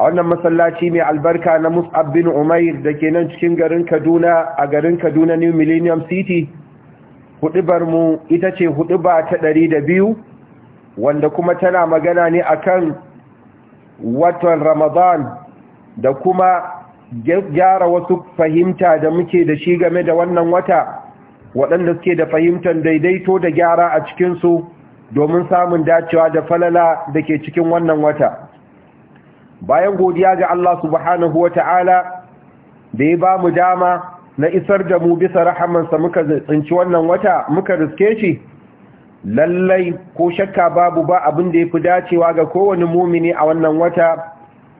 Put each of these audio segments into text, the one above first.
a wannan masallaci mai albarka na mus'ab bin umair da ke nan cikin garin kaduna a garin kaduna new millennium city hudubar mu ita ce huduba ta ɗari da biyu, wanda kuma tana magana ne a kan watan ramadan da kuma gyara wasu fahimta da muke da shi game da wannan wata waɗanda suke da fahimtar daidaito da gyara a cikinsu domin samun dacewa da falala da ke cikin wannan wata bayan godiya ga Allah subhanahu wa ta'ala da ya ba mu dama na isar da mu bisa rahamansa muka tsinci wannan wata muka riske shi lallai ko shakka babu ba abin da ya fi dacewa ga kowane mumini a wannan wata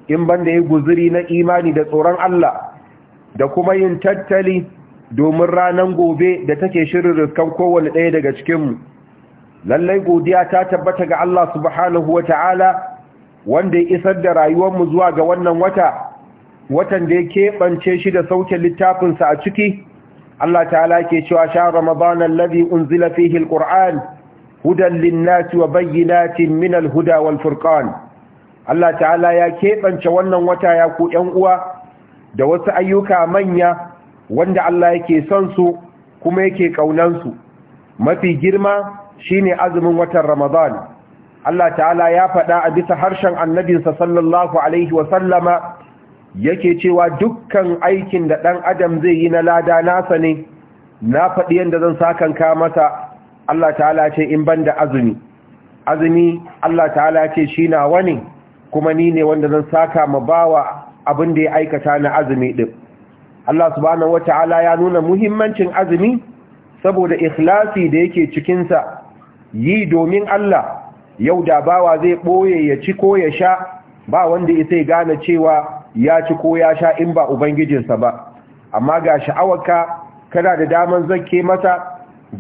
in banda ya guziri na imani da tsoron Allah da kuma yin tattali domin ranar gobe da take shirin riskan kowane ɗaya daga cikinmu lallai godiya ta tabbata ga Allah subhanahu wa ta'ala wanda ya isar da rayuwar mu zuwa ga wannan wata watan da ya keɓance shi da sauke littafinsa a ciki Allah ta'ala ke cewa sha ramadana alladhi unzila fihi alquran hudan lin wa bayyinatin min alhuda wal furqan Allah ta'ala ya keɓance wannan wata ya ku ƴan uwa da wasu ayyuka manya wanda Allah yake son su kuma yake kaunan su mafi girma shine azumin watan ramadana Allah ta'ala ya faɗa a bisa harshen annabinsa sallallahu alaihi wasallama yake cewa dukkan aikin da ɗan adam zai yi na lada nasa ne na faɗi yadda zan sakanka masa Allah ta'ala ce in ban da azumi azumi Allah ta'ala ce shi na wani kuma ni ne wanda zan saka ma bawa abin da ya aikata na azumi ɗin Allah subhanahu wata'ala ya nuna muhimmancin azumi saboda ikhlasi da yake cikinsa yi domin Allah yau da bawa zai ɓoye ya ci ko ya sha ba wanda ya sai gane cewa ya ci ko ya sha in ba ubangijinsa ba amma ga sha'awarka kana da daman zanke masa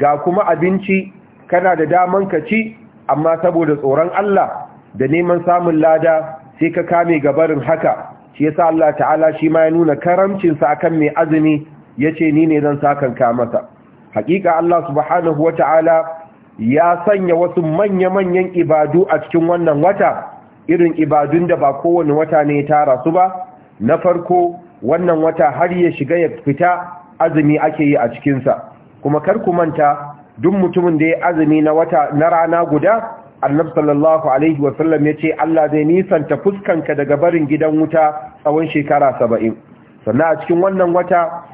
ga kuma abinci kana da daman ka ci amma saboda tsoron Allah da neman samun lada sai ka kame gabarin haka shi yasa Allah ta'ala shi ma ya nuna karamcinsa akan mai azumi ya ce ni ne zan sa kanka masa haƙiƙa Allah subhanahu wata'ala ya sanya wasu manya-manyan ibadu a cikin wannan wata irin ibadun da ba kowane wata ne ya tara su ba na farko wannan wata har ya shiga ya fita azumi ake yi a cikinsa kuma kar ku manta duk mutumin da ya azumi na wata na rana guda annabi sallallahu alaihi wasallam ya ce Allah zai nisanta fuskanka daga barin gidan wuta tsawon shekara saba'in sannan a cikin wannan wata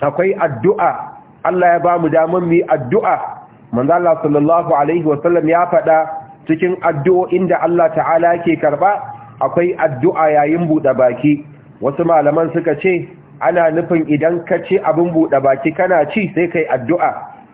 akwai addu'a Allah ya ba mu damar mu yi addu'a manzo Allah sallallahu alaihi wasallam ya faɗa cikin addu'o'in da Allah ta'ala yake karba akwai addu'a yayin buɗe baki wasu malaman suka ce ana nufin idan ka ci abin buɗe baki kana ci sai kai addu'a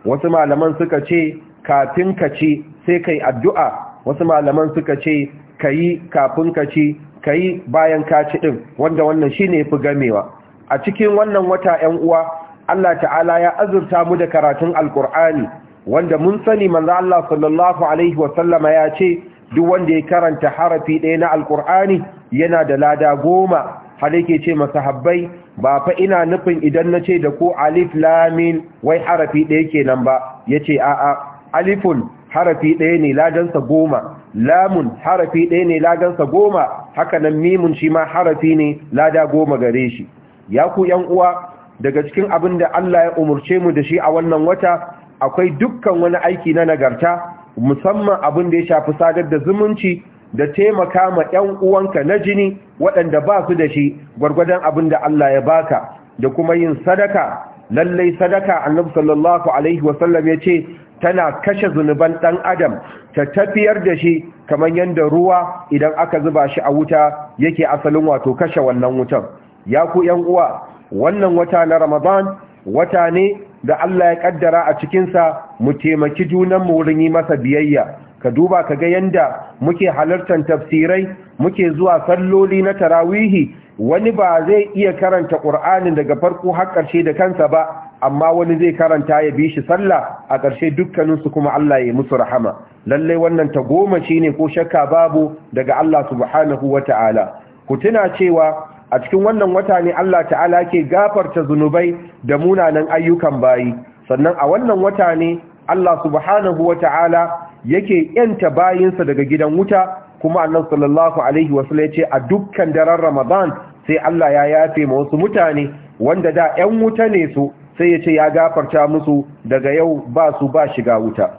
wasu malaman suka ce kafin ka ci sai kai addu'a wasu malaman suka ce kayi kafin ka ci kayi bayan ka ci din wanda wannan shine fi gamewa a cikin wannan wata 'yan uwa Allah ta'ala ya azurta mu da karatun alkur'ani wanda mun sani manzo Allah sallallahu alaihi wa sallama ya ce duk wanda ya karanta harafi ɗaya na alkur'ani yana da lada goma har yake ce masahabbai ba fa ina nufin idan na ce da ko alif lamin wai harafi ɗaya kenan ba ya ce a'a alifun harafi ɗaya ne ladansa goma lamun harafi ɗaya ne ladansa goma haka nan mimun shi ma harafi ne lada goma gare shi ya ku ‘yan uwa daga cikin abin da Allah ya umarce mu da shi a wannan wata akwai dukkan wani aiki na nagarta musamman abin da ya shafi sadar da zumunci da taimaka ma ‘yan uwanka na jini waɗanda ba su da shi gwargwadon abin da Allah ya baka da kuma yin sadaka lallai sadaka annabi sallallahu alaihi wasallam ya ce tana kashe zunuban ɗan adam ta tafiyar da shi kamar yadda ruwa idan aka zuba shi a wuta yake asalin wato kashe wannan wutan ya ku ‘yan uwa wannan wata na ramadan wata ne da Allah ya kaddara a cikinsa mu taimaki junanmu wurin yi masa biyayya ka duba ka ga yanda muke halartar tafsirai muke zuwa salloli na tarawihi wani ba zai iya karanta qur'ani daga farko har ƙarshe da kansa ba amma wani zai karanta ya bi shi sallah a ƙarshe dukkaninsu kuma Allah ya musu rahama lallai wannan ta goma shi ne ko shakka babu daga Allah subhanahu wata'ala ku tuna cewa a cikin wannan wata ne Allah ta'ala ke gafarta zunubai da munanan ayyukan bayi sannan a wannan wata ne Allah subhanahu wa ta'ala yake yanta bayinsa daga gidan wuta kuma annan sallallahu alaihi wasu ya ce a dukkan daren ramadan sai Allah ya yafe ma wasu mutane wanda da 'yan wuta ne su sai ya ce ya gafarta musu daga yau ba su ba shiga wuta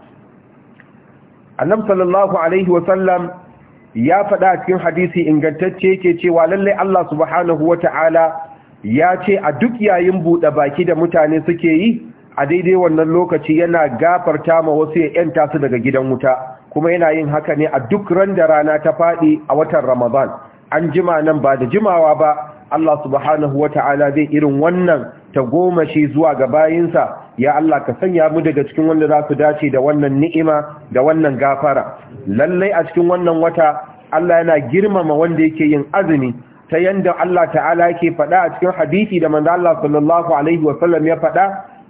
annan sallallahu alaihi wasallam ya faɗa a cikin hadisi ingantacce yake cewa lallai Allah subhanahu wata'ala ya ce a duk yayin buɗe baki da mutane suke yi a daidai wannan lokaci yana gafarta ma wasu ya yanta su daga gidan wuta kuma yana yin haka ne a duk ran da rana ta faɗi a watan Ramadan an jima nan ba da jimawa ba Allah subhanahu wata'ala zai irin wannan ta goma shi zuwa ga bayinsa ya Allah ka sanya mu daga cikin wanda za su dace da wannan ni'ima da wannan gafara lallai a cikin wannan wata Allah yana girmama wanda yake yin azumi ta yanda Allah ta'ala yake faɗa a cikin hadisi da manzo Allah sallallahu alaihi wasallam ya faɗa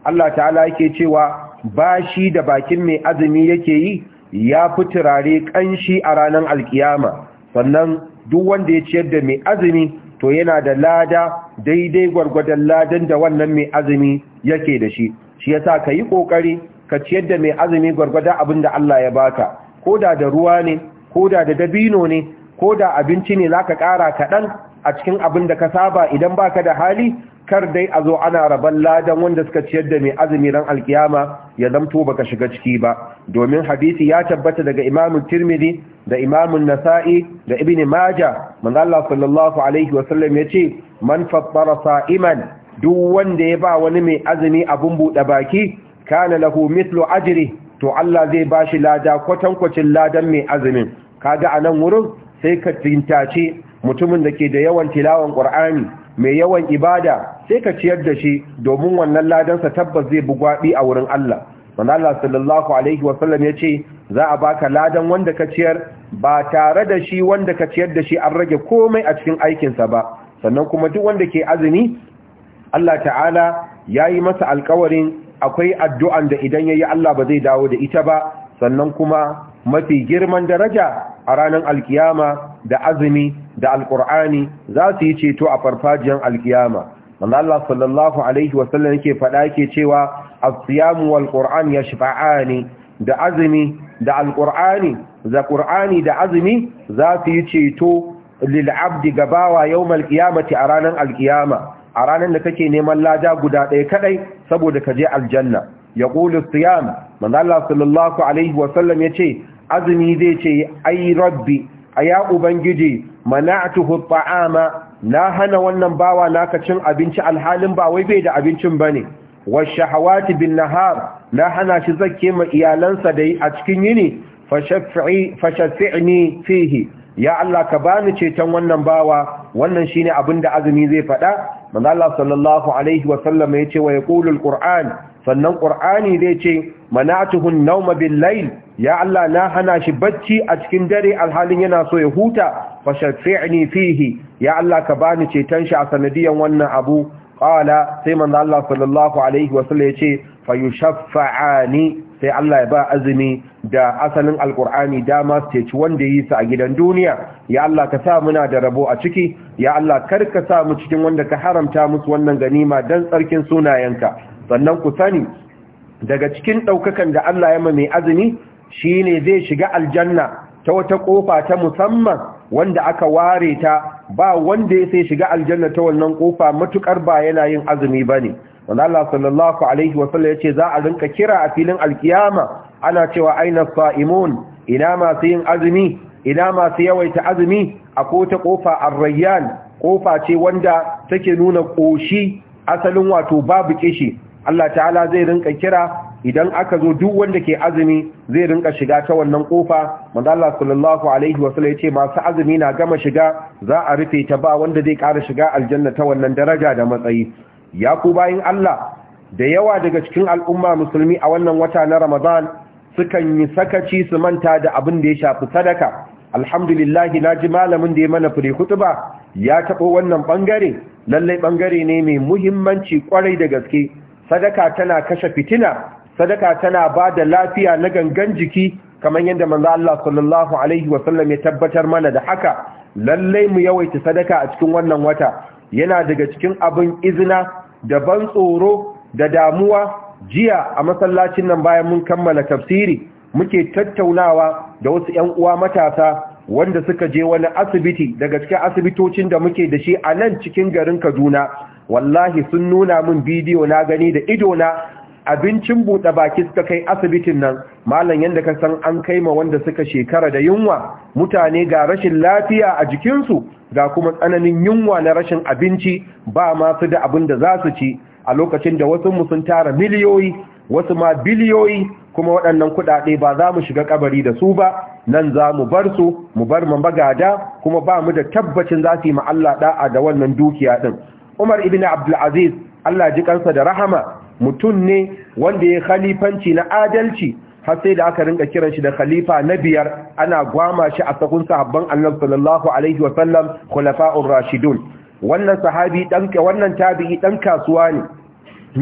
Allah ta'ala yake cewa bashi da bakin mai azumi yake yi ya fi turare kanshi a ranar alkiyama sannan duk wanda ya ciyar da mai azumi to yana da lada daidai gwargwadon ladan da wannan mai azumi yake da shi shi yasa ka yi ƙoƙari ka ciyar da mai azumi gwargwada abin da Allah ya baka ko da da ruwa ne ko da da dabino ne ko da abinci ne za ka ƙara kaɗan a cikin abin da ka saba idan baka da hali kar dai a zo ana rabon ladan wanda suka ciyar da mai azumi ran alkiyama ya zamto baka shiga ciki ba domin hadisi ya tabbata daga imamun tirmidhi da imamun nasa'i da ibn majah manzo Allah sallallahu alaihi wasallam yace man fattara sa'iman duk wanda ya ba wani mai azumi abin buɗe baki kana lahu mithlu ajri to Allah zai ba shi lada kwatankwacin ladan mai azumin kaga anan wurin sai ka tintace mutumin da ke da yawan tilawan Qur'ani mai yawan ibada sai ka ciyar da shi domin wannan ladansa tabbas zai bugwabi a wurin Allah wanda Allah sallallahu alaihi wasallam ya ce za a baka ladan wanda ka ciyar ba tare da shi wanda ka ciyar da shi an rage komai a cikin aikinsa ba sannan kuma duk wanda ke azumi Allah ta'ala ya yi masa alkawarin akwai addu'an da idan ya yi Allah ba zai dawo da ita ba sannan kuma mafi girman daraja a ranar alkiyama da azumi da alkur'ani za su yi ceto a farfajiyar alkiyama wanda Allah sallallahu alaihi wasallam yake faɗa yake cewa asiyamu ya qur'an yashfa'ani da azumi da alkur'ani za qur'ani da azumi za su yi ceto lil'abdi abdi gabawa yawmal qiyamati a ranar alkiyama a ranar da kake neman lada guda ɗaya kadai saboda ka je aljanna ya qulu siyam manzo sallallahu alaihi wa sallam yace azumi zai ce ai rabbi aya ubangiji mana'tuhu at'ama na hana wannan bawa naka cin abinci alhalin ba wai bai da abincin bane washahawati bin nahar na hana shi zakke ma iyalansa da a cikin yini fashafi'ni fihi ya Allah ka bani ceton wannan bawa wannan shine abin da azumi zai faɗa manzo Allah sallallahu alaihi wa sallam yace wa yaqulu qur'an. sannan qur'ani zai ce mana'atuhu an-nawma bil-layl ya Allah na hana shi bacci a cikin dare alhalin yana so ya huta fa shafi'ni fihi ya Allah ka bani ceton shi a sanadiyan wannan abu qala sai manzo Allah sallallahu alaihi wa sallam yace fayushafa'ani sai Allah ya ba azumi da asalin alkur'ani dama su ceci wanda yi su a gidan duniya ya Allah ka sa muna da rabo a ciki ya Allah kar ka sa mu cikin wanda ka haramta musu wannan ganima dan tsarkin sunayenka sannan ku sani daga cikin ɗaukakan da Allah ya mai azumi shi ne zai shiga aljanna ta wata ƙofa ta musamman wanda aka ware ta ba wanda ya sai shiga aljanna ta wannan ƙofa, matukar ba yana yin azumi bane wanda Allah sallallahu alaihi wa sallam yace za a rinka kira a filin alkiyama ana cewa aina sa'imun ina masu yin azumi ina masu yawaita azumi a kota kofa ar-rayyan kofa ce wanda take nuna koshi asalin wato babu kishi Allah ta'ala zai rinka kira idan aka zo duk wanda ke azumi zai rinka shiga ta wannan kofa manzo Allah sallallahu alaihi wasallam yace masu azumi na gama shiga za a rufe ta ba wanda zai ƙara shiga aljanna ta wannan daraja da matsayi ya ku bayin Allah da yawa daga cikin al'umma musulmi a wannan wata na Ramadan sukan yi sakaci su manta da abin da ya shafi sadaka alhamdulillahi na ji malamin da ya mana fure ba. ya taɓo wannan ɓangare lallai ɓangare ne mai muhimmanci ƙwarai da gaske sadaka tana kashe fitina sadaka tana ba da lafiya na gangan jiki kamar yadda manzo Allah sallallahu alaihi wasallam ya tabbatar mana da haka lallai mu yawaita sadaka a cikin wannan wata yana daga cikin abin izina da ban tsoro da damuwa jiya a masallacin nan bayan mun kammala tafsiri muke tattaunawa da wasu ‘yan uwa matasa wanda suka je wani asibiti daga cikin asibitocin da muke da shi a nan cikin garin Kaduna wallahi sun nuna min bidiyo na gani da ido na abincin buɗe baki suka kai asibitin nan malam yadda ka san an kai ma wanda suka shekara da yunwa mutane ga rashin lafiya a jikinsu ga kuma tsananin yunwa na rashin abinci ba masu da abin da za su ci a lokacin da wasu sun tara miliyoyi wasu ma biliyoyi kuma waɗannan kuɗaɗe ba za mu shiga kabari da su ba nan za mu bar su mu bar ma magada kuma ba mu da tabbacin za su yi Allah ɗa'a da wannan dukiya ɗin umar ibn abdulaziz allah ji kansa da rahama mutum ne wanda ya khalifanci na adalci har sai da aka rinka kiran shi da khalifa na biyar ana gwama shi a sakun sahabban annabi sallallahu alaihi wa sallam khulafa'ur rashidun wannan sahabi dan wannan tabi'i dan kasuwa ne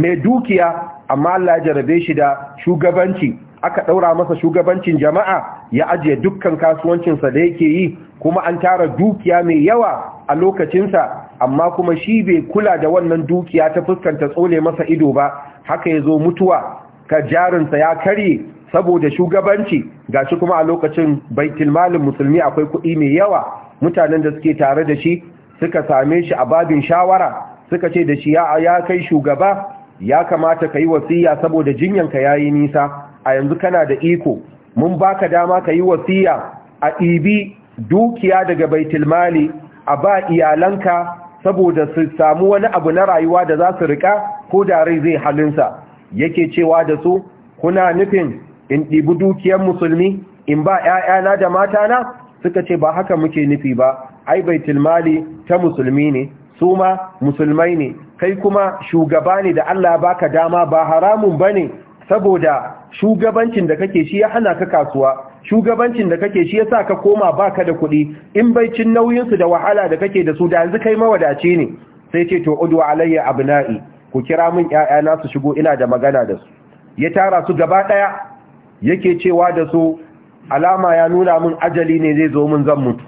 mai dukiya amma Allah ya jarabe shi da shugabanci aka daura masa shugabancin jama'a ya ajiye dukkan kasuwancin sa da yake yi kuma an tara dukiya mai yawa a lokacinsa amma kuma shi bai kula da wannan dukiya ta fuskanta tsole masa ido ba haka yazo mutuwa ka jarinsa ya karye saboda shugabanci ga shi kuma a lokacin baitul malin musulmi akwai kuɗi mai yawa mutanen da suke tare da shi suka same shi a babin shawara suka ce da shi ya ya kai shugaba ya kamata ka yi wasiya saboda jinyanka ya yi nisa a yanzu kana da iko mun baka dama ka yi wasiya a ibi dukiya daga baitul mali a ba iyalanka saboda su samu wani abu na rayuwa da za su rika ko da rai zai halinsa yake cewa da su kuna nufin in ɗibi dukiyar musulmi in ba ‘ya'yana da matana suka ce ba haka muke nufi ba ai Bai tilmali ta musulmi ne su ma musulmai ne kai kuma shugaba ne da Allah baka dama ba haramun ba ne saboda shugabancin da kake shi ya hana ka kasuwa shugabancin da kake shi ya sa ka koma baka da kuɗi in baicin nauyinsu da wahala da kake da su da yanzu kai mawadaci ne sai ce to udu alayya abna'i ku kira min ƴaƴana su shigo ina da magana da su ya tara su gaba ɗaya yake cewa da su alama ya nuna min ajali ne zai zo min zan mutu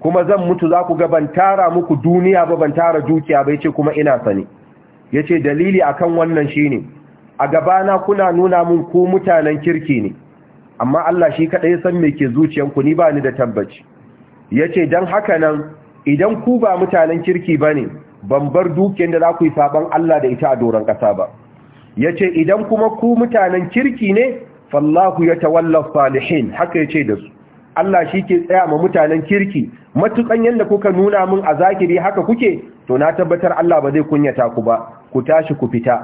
kuma zan mutu za ku ga ban tara muku duniya ba ban tara dukiya ba yace kuma ina sani yace dalili akan wannan shine a gabana kuna nuna min ku mutanen kirki ne amma Allah shi kadai san me ke zuciyanku ni ba ni da tabbaci yace dan haka nan idan ku ba mutanen kirki bane ban bar dukiyar da za ku yi saban Allah da ita a doron ƙasa ba yace idan kuma ku mutanen kirki ne fallahu ya tawalla salihin haka yace da su Allah shi ke tsaya ma mutanen kirki matukan yanda kuka nuna min a zakiri haka kuke to na tabbatar Allah ba zai kunyata ku ba ku tashi ku fita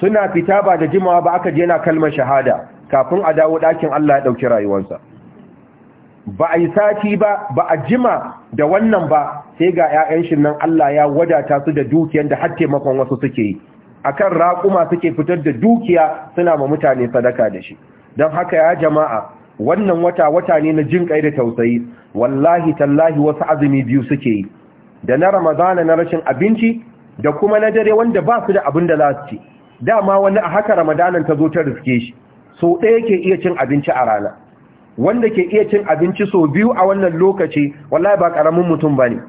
suna fita ba da jimawa ba aka je na kalmar shahada kafin a dawo dakin Allah ya dauki rayuwarsa ba a yi sati ba ba a jima da wannan ba sai ga 'ya'yan shi nan Allah ya wadata su da dukiyar da har taimakon wasu suke yi A kan raƙuma suke fitar da dukiya suna ma mutane sadaka da shi don haka ya jama'a wannan wata wata ne na jin kai da tausayi wallahi tallahi wasu azumi biyu suke yi da na ramadana na rashin abinci da kuma na dare wanda ba su da abin da za su ci dama wani a haka ramadanan ta zo ta riske shi so ɗaya ke iya cin abinci a rana wanda ke iya cin abinci so biyu a wannan lokaci wallahi ba ƙaramin mutum ba ne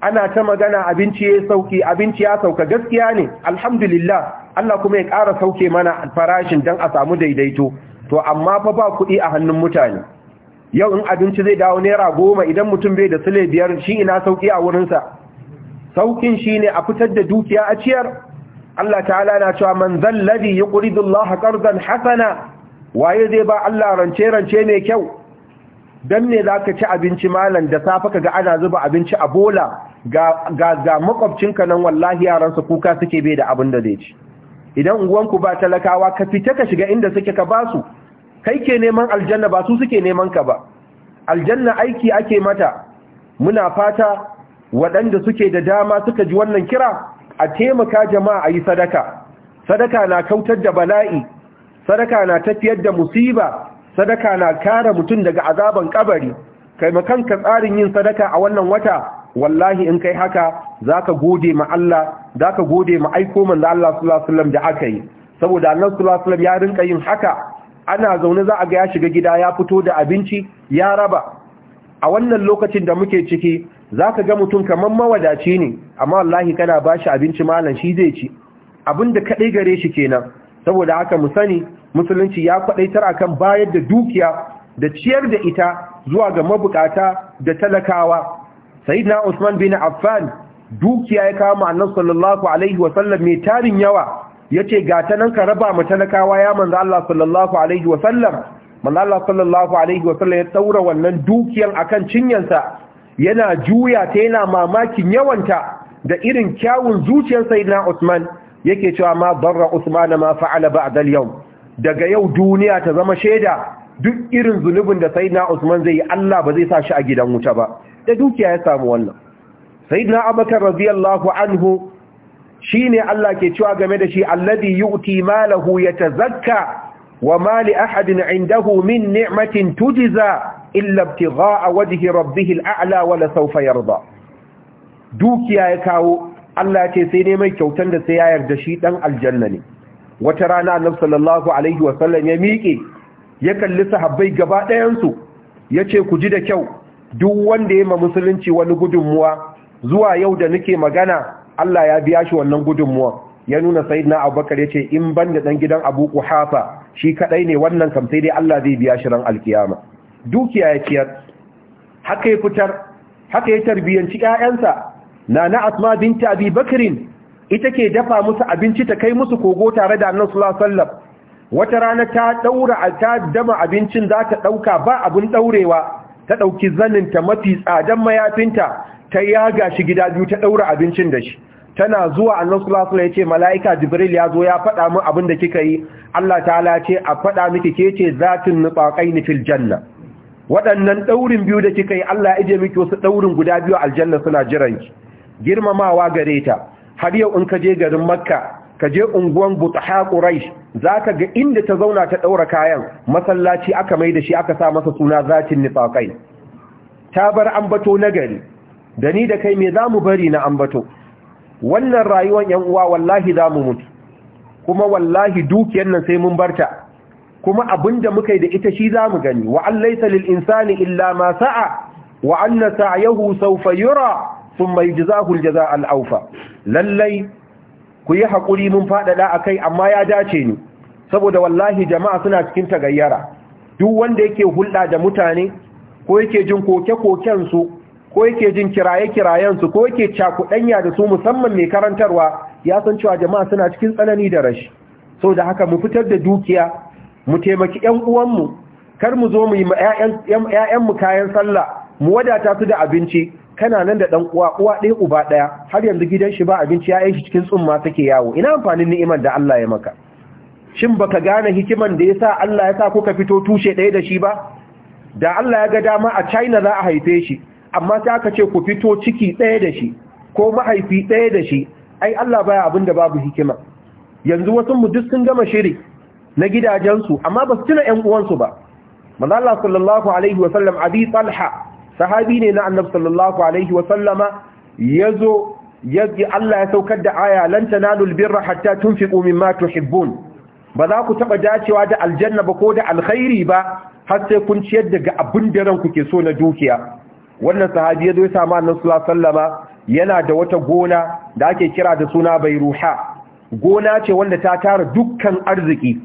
ana ta magana abinci ya sauki abinci ya sauka gaskiya ne alhamdulillah Allah kuma ya ƙara sauke mana farashin don a samu daidaito to amma fa ba kuɗi a hannun mutane yau in abinci zai dawo naira goma idan mutum bai da sule biyar shi ina sauki a wurinsa saukin shi ne a fitar da dukiya a ciyar Allah ta'ala na cewa man zalladhi yuqridu Allah hasana waye zai ba Allah rance rance mai kyau dan ne ka ci abinci malam da safa ga ana zuba abinci a bola ga ga makwabcinka nan wallahi yaran kuka suke bai da abin da zai ci idan unguwanku ba talakawa ka fita ka shiga inda suke ka basu kai ke neman aljanna ba su suke neman ka ba aljanna aiki ake mata muna fata waɗanda suke da dama suka ji wannan kira a taimaka jama'a a yi sadaka sadaka na kautar da bala'i sadaka na tafiyar da musiba sadaka na kare mutum daga azaban kabari kai makanka tsarin yin sadaka a wannan wata wallahi in kai haka zaka gode ma Allah zaka gode ma aiko manzo Allah sallallahu da aka yi saboda Allah sallallahu alaihi ya rinka yin haka ana zaune za a ga ya shiga gida ya fito da abinci ya raba a wannan lokacin da muke ciki zaka ga mutum kamar mawadaci ne amma wallahi kana bashi abinci malam shi zai ci abinda kadai gare shi kenan saboda haka mu sani musulunci ya kwadaitar akan bayar da dukiya da ciyar da ita zuwa ga mabukata da talakawa sayyidina Usman bin Affan dukiya ya kama annabi sallallahu alaihi wasallam mai tarin yawa yace ga ta ka raba mu talakawa ya manzo Allah sallallahu alaihi wasallam manzo Allah sallallahu alaihi wasallam ya daura wannan dukiyan akan cinyansa yana juya ta yana mamakin yawanta da irin kyawun zuciyar sayyidina Usman yake cewa ma barra Usman ma fa'ala ba'da al-yawm daga yau duniya ta zama shaida duk irin zunubin da sayyidina Usman zai yi Allah ba zai sa shi a gidan wuta ba da dukiya ya samu wannan sayyidina Abubakar radiyallahu anhu shine Allah ke cewa game da shi alladhi yu'ti malahu yatazakka wa mali ahadin 'indahu min ni'matin tujza illa ibtigha'a wajhi rabbihi a'la wa la sawfa yarda dukiya ya kawo Allah ce sai ne mai kyautan da sai ya yarda shi dan aljanna ne wata rana annabi sallallahu alaihi wa sallam ya miƙe ya kalli sahabbai gaba ɗayansu ya ce ku ji da kyau duk wanda ya ma musulunci wani gudunmuwa zuwa yau da nake magana Allah ya biya shi wannan gudunmuwa ya nuna sayyidina abubakar ya ce in ban da ɗan gidan abu Quhafa shi kaɗai ne wannan kam sai dai Allah zai biya shi ran alkiyama dukiya ya ciyar haka ya fitar haka ya tarbiyanci ƴaƴansa nana asma binta abi bakrin ita ke dafa musu abinci ta kai musu kogo tare da annan sula wata rana ta daura ta dama abincin za ta dauka ba abin ɗaurewa ta ɗauki zanin ta mafi tsadan mayafinta ta yaga shi gida biyu ta daura abincin da shi tana zuwa sula sallallahu ya yace malaika jibril ya zo ya faɗa min abin da kika yi Allah ta'ala ce a faɗa miki ke ce zatin ni fil janna waɗannan ɗaurin biyu da kika yi Allah ya ije miki wasu ɗaurin guda biyu aljanna suna jiran ki girmamawa gare ta har yau in ka je garin makka ka je unguwan butaha quraish ka ga inda ta zauna ta ɗaura kayan masallaci aka mai da shi aka sa masa suna zatin nifakai ta bar ambato na gari, da ni da kai me mu bari na ambato wannan rayuwan yan uwa wallahi mu mutu kuma wallahi dukiyar nan sai mun barta kuma abin da muka yi da ita shi za mu gani wa allaysa lil insani illa ma sa'a wa anna sa'yahu sawfa yura thumma yujzahu al jazaa al awfa lallai ku yi haƙuri mun faɗaɗa a kai amma ya dace ni saboda wallahi jama'a suna cikin tagayyara duk wanda yake hulɗa da mutane ko yake jin koke-kokensu ko yake jin kiraye-kirayensu ko yake cakuɗanya da su musamman mai karantarwa ya san cewa jama'a suna cikin tsanani da rashi so da haka mu fitar da dukiya mu taimaki 'yan uwanmu kar mu zo mu yi 'ya'yanmu kayan sallah mu wadata su da abinci kana nan da dan uwa uwa ɗaya uba ɗaya har yanzu gidan shi ba abinci ya yi cikin tsumma take yawo ina amfanin ni'imar da Allah ya maka shin baka gane hikiman da yasa Allah ya sa kuka fito tushe ɗaya da shi ba da Allah ya ga dama a China za a haife shi amma sai aka ce ku fito ciki ɗaya da shi ko mahaifi ɗaya da shi ai Allah baya abin da babu hikima yanzu wasu mu duk sun gama shiri na gidajensu amma ba su tuna ƴan uwansu ba manzo Allah sallallahu alaihi wasallam abi talha sahabi ne na annabi sallallahu alaihi wa sallama yazo yaji Allah ya saukar da aya lan tanalul tun hatta tunfiqu mimma tuhibbun ba za ku taɓa dacewa da aljanna ba ko da alkhairi ba har sai kun ciyar ga abin da ranku ke so na dukiya wannan sahabi yazo ya samu annabi sallallahu sallama yana da wata gona da ake kira da suna bai ruha. gona ce wanda ta tara dukkan arziki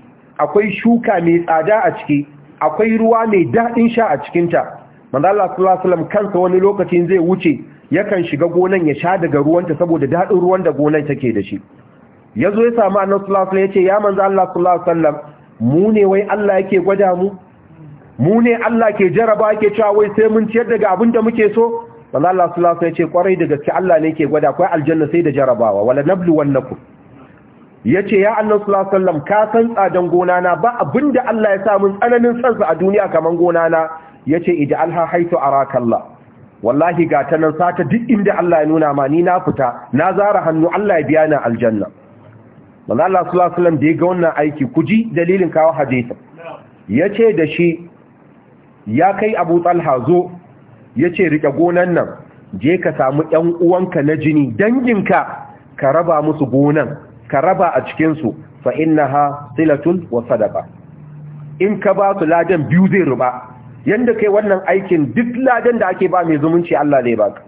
akwai shuka mai tsada a ciki akwai ruwa mai daɗin sha a cikinta manzo Allah sallallahu alaihi wasallam kansa wani lokacin zai wuce yakan shiga gonan ya sha daga ruwanta saboda dadin ruwan da gonan take da shi yazo ya samu annabi sallallahu alaihi wasallam ce ya manzo Allah sallallahu alaihi wasallam mu ne wai Allah yake gwada mu mu ne Allah ke jaraba yake cewa wai sai mun ciyar daga abin da muke so manzo Allah sallallahu alaihi wasallam yace kwarai da gaske Allah ne yake gwada akwai aljanna sai da jarabawa wala nablu wannakum yace ya ce sallallahu alaihi wasallam ka san tsadan gona na ba abinda Allah ya sa mun tsananin sansa a duniya kaman gona na Ya yace alha Alha a rakalla wallahi ga ta nan sata duk inda Allah ya nuna ma ni na fita na zara hannu Allah ya biya ni aljanna wanda Allah sallallahu da ya ga wannan aiki kuji dalilin kawo Ya ce da shi ya kai Abu Talha zo ce rike gonan nan je ka samu ɗan uwanka na jini danginka ka raba musu gonan ka raba a cikinsu, su na ha silatun wa sadaqa in ka ba su ladan biyu zai ruba yanda kai wannan aikin duk ladan da ake ba mai zumunci Allah zai baka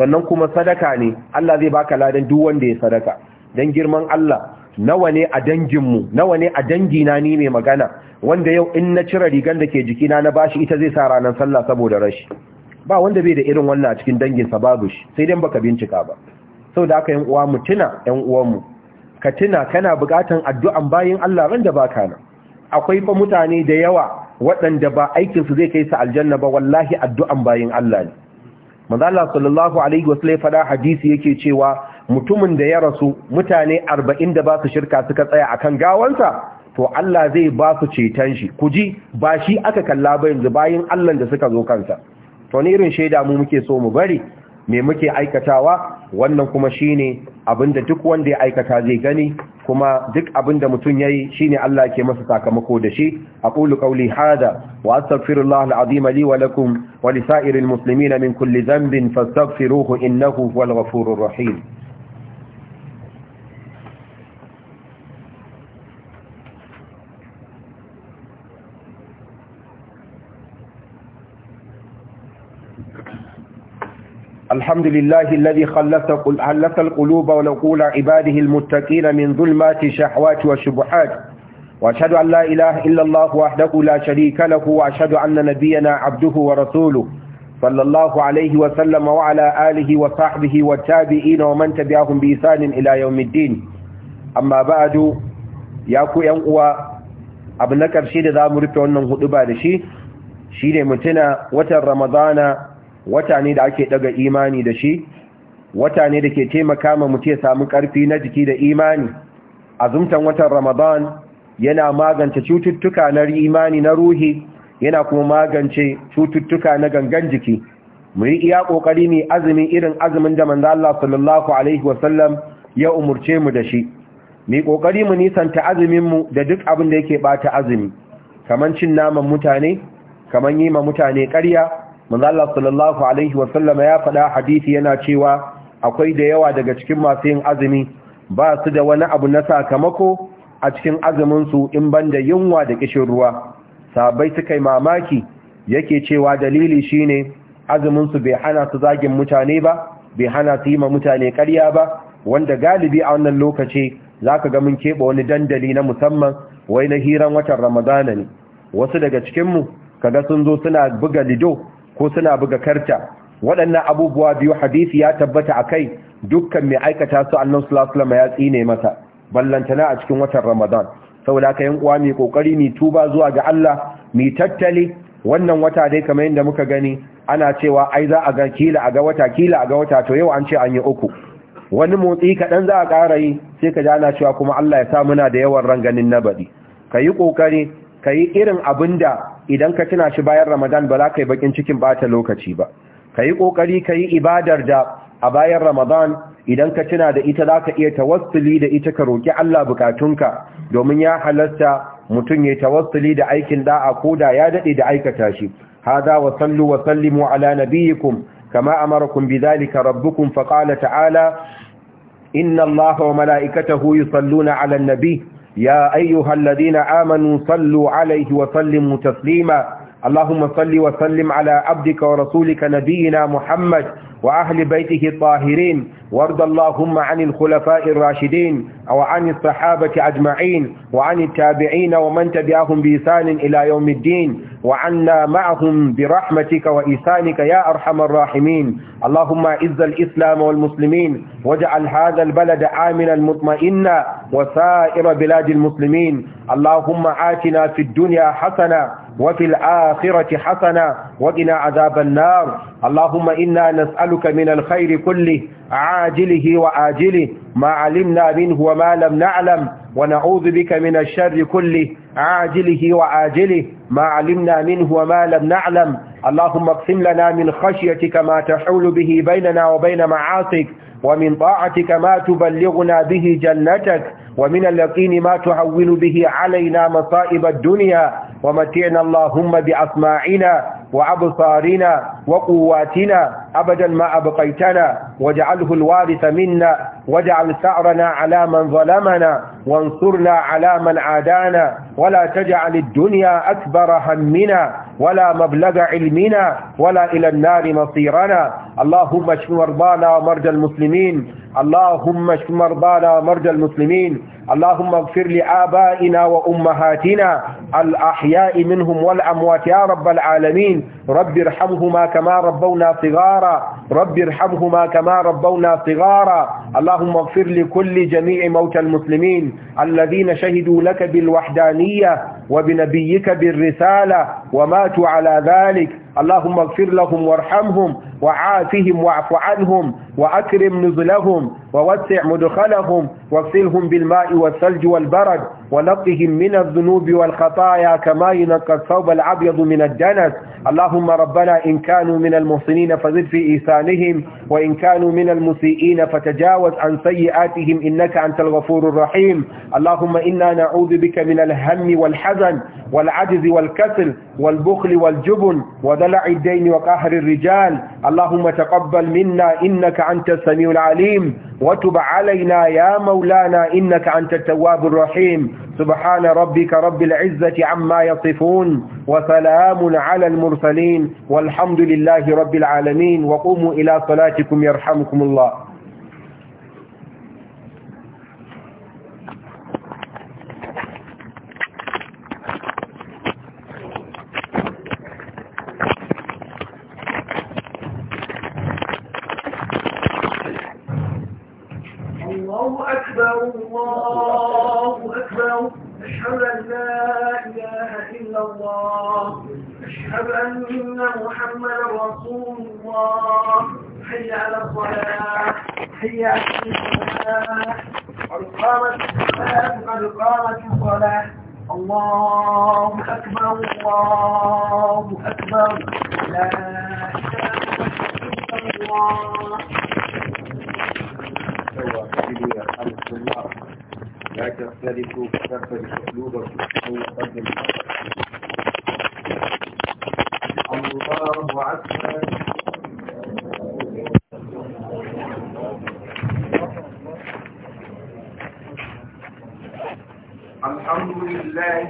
sannan kuma sadaka ne Allah zai baka ladan duk wanda ya sadaka dan girman Allah nawa ne a danginmu nawa ne a dangina ni mai magana wanda yau in na cire rigan da ke jikina na bashi ita zai sa ranar sallah saboda rashi ba wanda bai da irin wannan a cikin danginsa babu shi sai dan baka bincika ba sau da aka yan uwa mu tuna yan uwanmu ka tuna kana bukatan addu'an bayin Allah ran da baka na. akwai fa mutane da yawa waɗanda ba aikinsu zai kai su aljanna ba wallahi addu'an bayin Allah ne Mazala sallallahu alaihi wasu laifada hadisi yake cewa mutumin da ya rasu mutane arba'in da ba su shirka suka tsaya akan gawansa to Allah zai ba su ceton shi kuji ba shi aka kalla ba yanzu bayan Allah da suka zo kansa to ne irin shaida mu muke so mu bari me muke aikatawa wannan kuma shine abinda duk wanda ya aikata zai gani kuma duk abinda mutum yayi shine Allah ke masa sakamako da shi aqulu qawli hada wa astaghfirullah alazim li wa lakum wa lisa'iril muslimina min kulli dhanbin fastaghfiruhu innahu huwal ghafurur rahim الحمد لله الذي خلص القلوب ولقول عباده المتقين من ظلمات الشهوات والشبهات وأشهد أن لا إله إلا الله وحده لا شريك له وأشهد أن نبينا عبده ورسوله صلى الله عليه وسلم وعلى آله وصحبه والتابعين ومن تبعهم بإحسان إلى يوم الدين أما بعد يا ku ƴan uwa abu na ƙarshe da zamu rufe wannan hudu ba da shi shine mutuna watan Ramadana wata ne da ake daga imani da shi wata ne da ke taimaka ma mutum ya samu karfi na jiki da imani azumtan watan ramadan yana magance cututtuka na imani na ruhi yana kuma magance cututtuka na gangan jiki mu yi iya kokari ne azumi irin azumin da manzo Allah sallallahu alaihi wasallam ya umurce mu da shi mu kokari mu nisanta azumin mu da duk abin da yake bata azumi kaman cin naman mutane kaman yi ma mutane ƙarya manzo sallallahu alaihi wa sallama ya faɗa hadisi yana cewa akwai da yawa daga cikin masu yin azumi ba su da wani abu na sakamako a cikin azumin su in banda yunwa da kishin ruwa sabai suka yi mamaki yake cewa dalili shine azumin su bai hana su zagin mutane ba bai hana su yi ma mutane ƙarya ba wanda galibi a wannan lokaci zaka ga mun keɓe wani dandali na musamman wai na hiran watan Ramadana ne wasu daga cikin mu kaga sun zo suna buga lido ko suna buga karta waɗannan abubuwa biyu hadisi ya tabbata a kai dukkan mai aikata su annan sulasulama ya tsine masa ballantana a cikin watan ramadan saboda ka yan uwa mai kokari mai tuba zuwa ga Allah mai tattali wannan wata dai kamar yadda muka gani ana cewa ai za a ga kila a ga wata kila a ga wata to yau an ce an yi uku wani motsi kaɗan za a ƙara yi sai ka ji ana cewa kuma Allah ya sa muna da yawan ranganin na baɗi ka yi ƙoƙari ka yi irin abin da idan ka tuna shi bayan ramadan ba za ka yi bakin cikin bata lokaci ba ka yi ƙoƙari ka yi ibadar da a bayan ramadan idan ka tuna da ita za ka iya tawassuli da ita ka roƙi allah bukatunka domin ya halasta mutum ya tawassuli da aikin da'a ko da ya daɗe da aikata shi hada wa sallu wa sallimu ala nabiyikum kama amarakum bidhalika rabbukum faqala ta'ala inna allaha wa mala'ikatahu yusalluna ala an-nabi يا أيها الذين آمنوا صلوا عليه وسلموا تسليما اللهم صل وسلم على عبدك ورسولك نبينا محمد وأهل بيته الطاهرين وارض اللهم عن الخلفاء الراشدين وعن الصحابة أجمعين وعن التابعين ومن تبعهم بإحسان إلى يوم الدين وعنا معهم برحمتك وإحسانك يا أرحم الراحمين اللهم اعز الإسلام والمسلمين واجعل هذا البلد آمنا مطمئنا وسائر بلاد المسلمين اللهم آتنا في الدنيا حسنة وفي الآخرة حسنة وقنا عذاب النار اللهم إنا نسألك من الخير كله عاجله وآجله ما علمنا منه وما لم نعلم ونعوذ بك من الشر كله عاجله وآجله ما علمنا منه وما لم نعلم اللهم اقسم لنا من خشيتك ما تحول به بيننا وبين معاصيك ومن طاعتك ما تبلغنا به جنتك ومن اليقين ما تعول به علينا مصائب الدنيا ومتعنا اللهم بأسماعنا وأبصارنا وقواتنا أبدا ما أبقيتنا واجعله الوارث منا واجعل ثأرنا على من ظلمنا وانصرنا على من عادانا ولا تجعل الدنيا أكبر همنا ولا مبلغ علمنا ولا إلى النار مصيرنا اللهم اشف مرضانا ومرجى المسلمين اللهم اشف مرضانا ومرجى المسلمين اللهم اغفر لآبائنا وأمهاتنا الأحياء منهم والأموات يا رب العالمين رب ارحمهما كما ربونا صغارا رب ارحمهما كما ربونا صغارا اللهم اللهم اغفر لكل جميع موتى المسلمين الذين شهدوا لك بالوحدانية وبنبيك بالرسالة وماتوا على ذلك اللهم اغفر لهم وارحمهم وعافهم واعف عنهم وأكرم نزلهم ووسع مدخلهم واغسلهم بالماء والثلج والبرد ونقهم من الذنوب والخطايا كما ينقى الثوب الأبيض من الدنس اللهم ربنا إن كانوا من المحسنين فزد في إيثانهم وإن كانوا من المسيئين فتجاوز عن سيئاتهم إنك أنت الغفور الرحيم اللهم إنا نعوذ بك من الهم والحزن والعجز والكسل والبخل والجبن ودلع الدين وقهر الرجال اللهم تقبل منا إنك أنت السميع العليم وتب علينا يا مولانا إنك أنت التواب الرحيم سبحان ربك رب العزة عما يصفون وسلام على المرسلين والحمد لله رب العالمين وقوموا إلى صلاتكم يرحمكم الله الله أكبر الله أكبر لا إله إلا الله يرحمكم الله لا تختلفوا فتختلف قلوبكم حول قدر الله أكبر